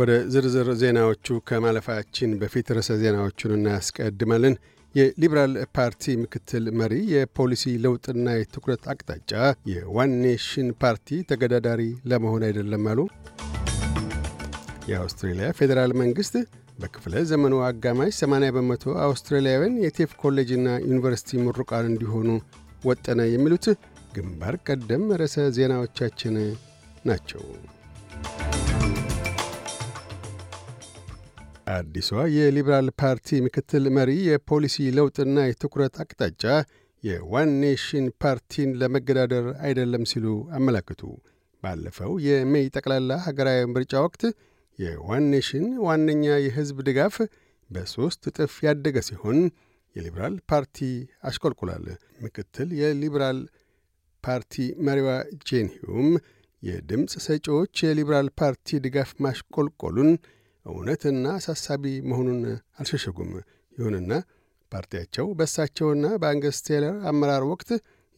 ወደ ዝርዝር ዜናዎቹ ከማለፋችን በፊት ርዕሰ ዜናዎቹን እናስቀድማለን። የሊበራል ፓርቲ ምክትል መሪ የፖሊሲ ለውጥና የትኩረት አቅጣጫ የዋን ኔሽን ፓርቲ ተገዳዳሪ ለመሆን አይደለም አሉ። የአውስትሬልያ ፌዴራል መንግሥት በክፍለ ዘመኑ አጋማሽ 80 በመቶ አውስትራሊያውያን የቴፍ ኮሌጅና ዩኒቨርሲቲ ምሩቃን እንዲሆኑ ወጠነ። የሚሉት ግንባር ቀደም ርዕሰ ዜናዎቻችን ናቸው። አዲሷ የሊበራል ፓርቲ ምክትል መሪ የፖሊሲ ለውጥና የትኩረት አቅጣጫ የዋን ኔሽን ፓርቲን ለመገዳደር አይደለም ሲሉ አመላክቱ። ባለፈው የሜይ ጠቅላላ ሀገራዊ ምርጫ ወቅት የዋን ኔሽን ዋነኛ የሕዝብ ድጋፍ በሦስት እጥፍ ያደገ ሲሆን የሊበራል ፓርቲ አሽቆልቁላል። ምክትል የሊበራል ፓርቲ መሪዋ ጄን ሂውም የድምፅ ሰጪዎች የሊበራል ፓርቲ ድጋፍ ማሽቆልቆሉን እውነትና አሳሳቢ መሆኑን አልሸሸጉም። ይሁንና ፓርቲያቸው በእሳቸውና በአንገስ ቴለር አመራር ወቅት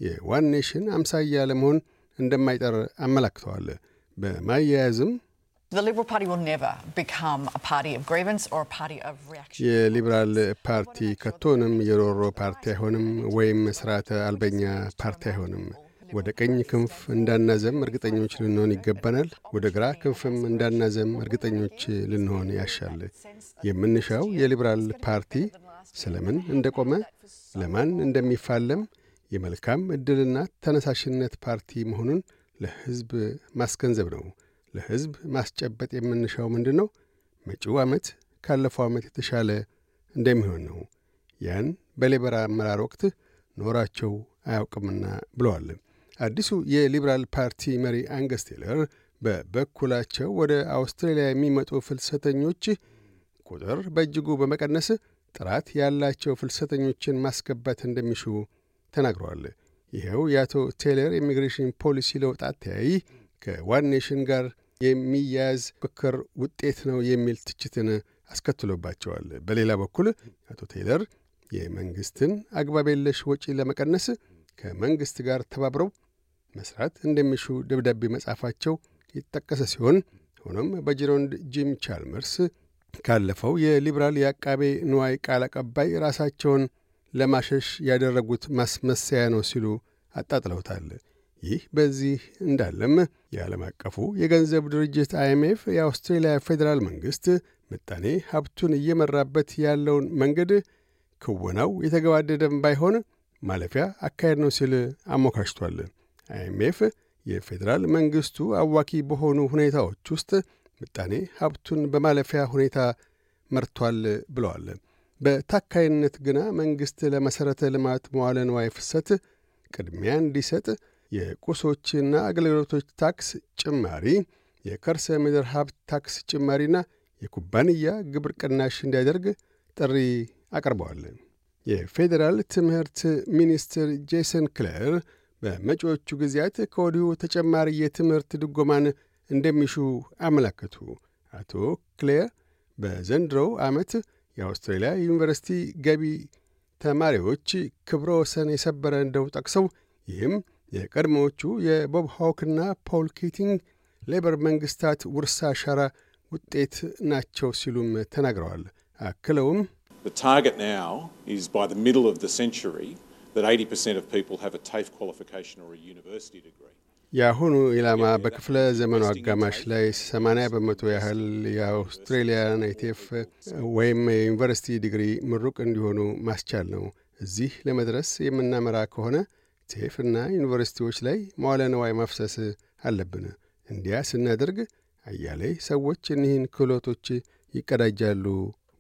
የዋን ኔሽን አምሳያ ለመሆን እንደማይጠር አመላክተዋል። በማያያዝም የሊበራል ፓርቲ ከቶንም የሮሮ ፓርቲ አይሆንም፣ ወይም ስርዓተ አልበኛ ፓርቲ አይሆንም። ወደ ቀኝ ክንፍ እንዳናዘም እርግጠኞች ልንሆን ይገባናል። ወደ ግራ ክንፍም እንዳናዘም እርግጠኞች ልንሆን ያሻል። የምንሻው የሊበራል ፓርቲ ስለምን እንደቆመ፣ ለማን እንደሚፋለም የመልካም ዕድልና ተነሳሽነት ፓርቲ መሆኑን ለሕዝብ ማስገንዘብ ነው። ለሕዝብ ማስጨበጥ የምንሻው ምንድን ነው? መጪው ዓመት ካለፈው ዓመት የተሻለ እንደሚሆን ነው። ያን በሌበራ አመራር ወቅት ኖራቸው አያውቅምና ብለዋል። አዲሱ የሊበራል ፓርቲ መሪ አንገስ ቴለር በበኩላቸው ወደ አውስትራሊያ የሚመጡ ፍልሰተኞች ቁጥር በእጅጉ በመቀነስ ጥራት ያላቸው ፍልሰተኞችን ማስገባት እንደሚሹ ተናግረዋል። ይኸው የአቶ ቴለር ኢሚግሬሽን ፖሊሲ ለውጥ አተያይ ከዋን ኔሽን ጋር የሚያያዝ ምክክር ውጤት ነው የሚል ትችትን አስከትሎባቸዋል። በሌላ በኩል አቶ ቴለር የመንግሥትን አግባብ የለሽ ወጪ ለመቀነስ ከመንግሥት ጋር ተባብረው መስራት እንደሚሹ ደብዳቤ መጻፋቸው የተጠቀሰ ሲሆን ሆኖም በጅሮንድ ጂም ቻልመርስ ካለፈው የሊበራል የአቃቤ ንዋይ ቃል አቀባይ ራሳቸውን ለማሸሽ ያደረጉት ማስመሰያ ነው ሲሉ አጣጥለውታል። ይህ በዚህ እንዳለም የዓለም አቀፉ የገንዘብ ድርጅት አይኤምኤፍ የአውስትሬልያ ፌዴራል መንግሥት ምጣኔ ሀብቱን እየመራበት ያለውን መንገድ ክወናው የተገባደደም ባይሆን ማለፊያ አካሄድ ነው ሲል አሞካሽቷል። አይኤምኤፍ የፌዴራል መንግሥቱ አዋኪ በሆኑ ሁኔታዎች ውስጥ ምጣኔ ሀብቱን በማለፊያ ሁኔታ መርቷል ብለዋል። በታካይነት ግና መንግሥት ለመሠረተ ልማት መዋለ ንዋይ ፍሰት ቅድሚያ እንዲሰጥ የቁሶችና አገልግሎቶች ታክስ ጭማሪ፣ የከርሰ ምድር ሀብት ታክስ ጭማሪና የኩባንያ ግብር ቅናሽ እንዲያደርግ ጥሪ አቅርበዋል። የፌዴራል ትምህርት ሚኒስትር ጄሰን ክሌር በመጪዎቹ ጊዜያት ከወዲሁ ተጨማሪ የትምህርት ድጎማን እንደሚሹ አመላከቱ። አቶ ክሌር በዘንድሮው ዓመት የአውስትሬልያ ዩኒቨርሲቲ ገቢ ተማሪዎች ክብረ ወሰን የሰበረ እንደው ጠቅሰው ይህም የቀድሞዎቹ የቦብ ሆክና ፖል ኬቲንግ ሌበር መንግሥታት ውርሳ አሻራ ውጤት ናቸው ሲሉም ተናግረዋል። አክለውም that 80% of people have a TAFE qualification or a university degree. የአሁኑ ኢላማ በክፍለ ዘመኑ አጋማሽ ላይ 80 በመቶ ያህል የአውስትሬሊያ ናይቴፍ ወይም የዩኒቨርሲቲ ዲግሪ ምሩቅ እንዲሆኑ ማስቻል ነው። እዚህ ለመድረስ የምናመራ ከሆነ ቴፍ እና ዩኒቨርሲቲዎች ላይ መዋለ ንዋይ ማፍሰስ አለብን። እንዲያ ስናደርግ አያሌ ሰዎች እኒህን ክህሎቶች ይቀዳጃሉ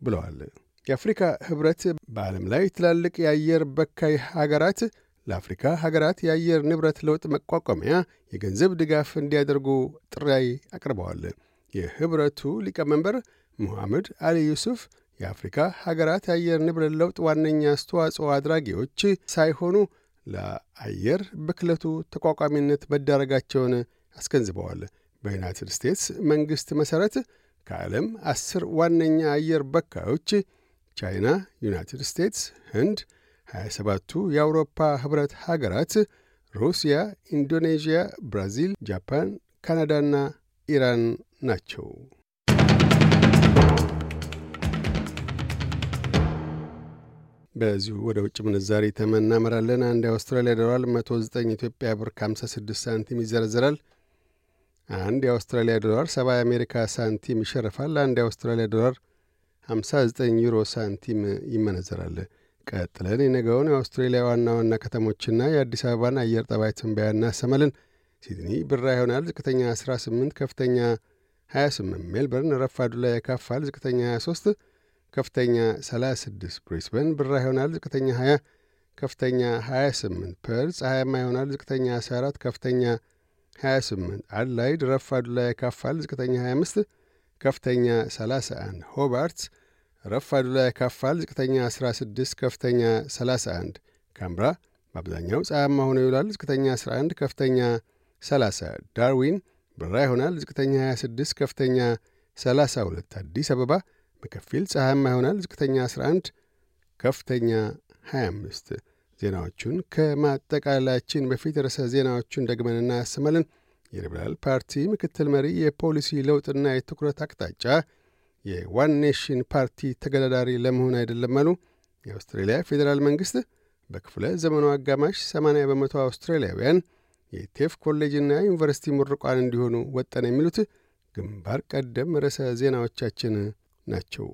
ብለዋል። የአፍሪካ ህብረት በዓለም ላይ ትላልቅ የአየር በካይ ሀገራት ለአፍሪካ ሀገራት የአየር ንብረት ለውጥ መቋቋሚያ የገንዘብ ድጋፍ እንዲያደርጉ ጥራይ አቅርበዋል። የህብረቱ ሊቀመንበር ሙሐመድ አሊ ዩሱፍ የአፍሪካ ሀገራት የአየር ንብረት ለውጥ ዋነኛ አስተዋጽኦ አድራጊዎች ሳይሆኑ ለአየር ብክለቱ ተቋቋሚነት መዳረጋቸውን አስገንዝበዋል። በዩናይትድ ስቴትስ መንግሥት መሠረት ከዓለም አስር ዋነኛ አየር በካዮች ቻይና፣ ዩናይትድ ስቴትስ፣ ህንድ፣ 27ቱ የአውሮፓ ኅብረት ሀገራት፣ ሩሲያ፣ ኢንዶኔዥያ፣ ብራዚል፣ ጃፓን፣ ካናዳና ኢራን ናቸው። በዚሁ ወደ ውጭ ምንዛሪ ተመን እናመራለን። አንድ የአውስትራሊያ ዶላር 109 ኢትዮጵያ ብር ከ56 ሳንቲም ይዘረዘራል። አንድ የአውስትራሊያ ዶላር 70 የአሜሪካ ሳንቲም ይሸርፋል። አንድ የአውስትራሊያ ዶላር 59 ዩሮ ሳንቲም ይመነዘራል። ቀጥለን የነገውን የአውስትሬሊያ ዋና ዋና ከተሞችና የአዲስ አበባን አየር ጠባይ ትንበያ እናሰማለን። ሲድኒ ብራ ይሆናል። ዝቅተኛ 18፣ ከፍተኛ 28። ሜልበርን ረፋዱ ላይ ያካፋል። ዝቅተኛ 23፣ ከፍተኛ 36። ብሪስበን ብራ ይሆናል። ዝቅተኛ 20፣ ከፍተኛ 28። ፐርዝ ፀሐያማ ይሆናል። ዝቅተኛ 14፣ ከፍተኛ 28። አድላይድ ረፋዱ ላይ ያካፋል። ዝቅተኛ 25 ከፍተኛ 31፣ ሆባርትስ ረፋዱ ላይ ካፋል ዝቅተኛ 16፣ ከፍተኛ 31። ካምብራ በአብዛኛው ፀሐያማ ሆኖ ይውላል። ዝቅተኛ 11፣ ከፍተኛ 30። ዳርዊን ብራ ይሆናል። ዝቅተኛ 26፣ ከፍተኛ 32። አዲስ አበባ በከፊል ፀሐያማ ይሆናል። ዝቅተኛ 11፣ ከፍተኛ 25። ዜናዎቹን ከማጠቃላያችን በፊት ርዕሰ ዜናዎቹን ደግመን እናያሰማለን። የሊበራል ፓርቲ ምክትል መሪ የፖሊሲ ለውጥና የትኩረት አቅጣጫ የዋን ኔሽን ፓርቲ ተገዳዳሪ ለመሆን አይደለም አሉ። የአውስትሬልያ ፌዴራል መንግሥት በክፍለ ዘመኑ አጋማሽ 80 በመቶ አውስትራሊያውያን የቴፍ ኮሌጅና ዩኒቨርሲቲ ምሩቃን እንዲሆኑ ወጠነ። የሚሉት ግንባር ቀደም ርዕሰ ዜናዎቻችን ናቸው።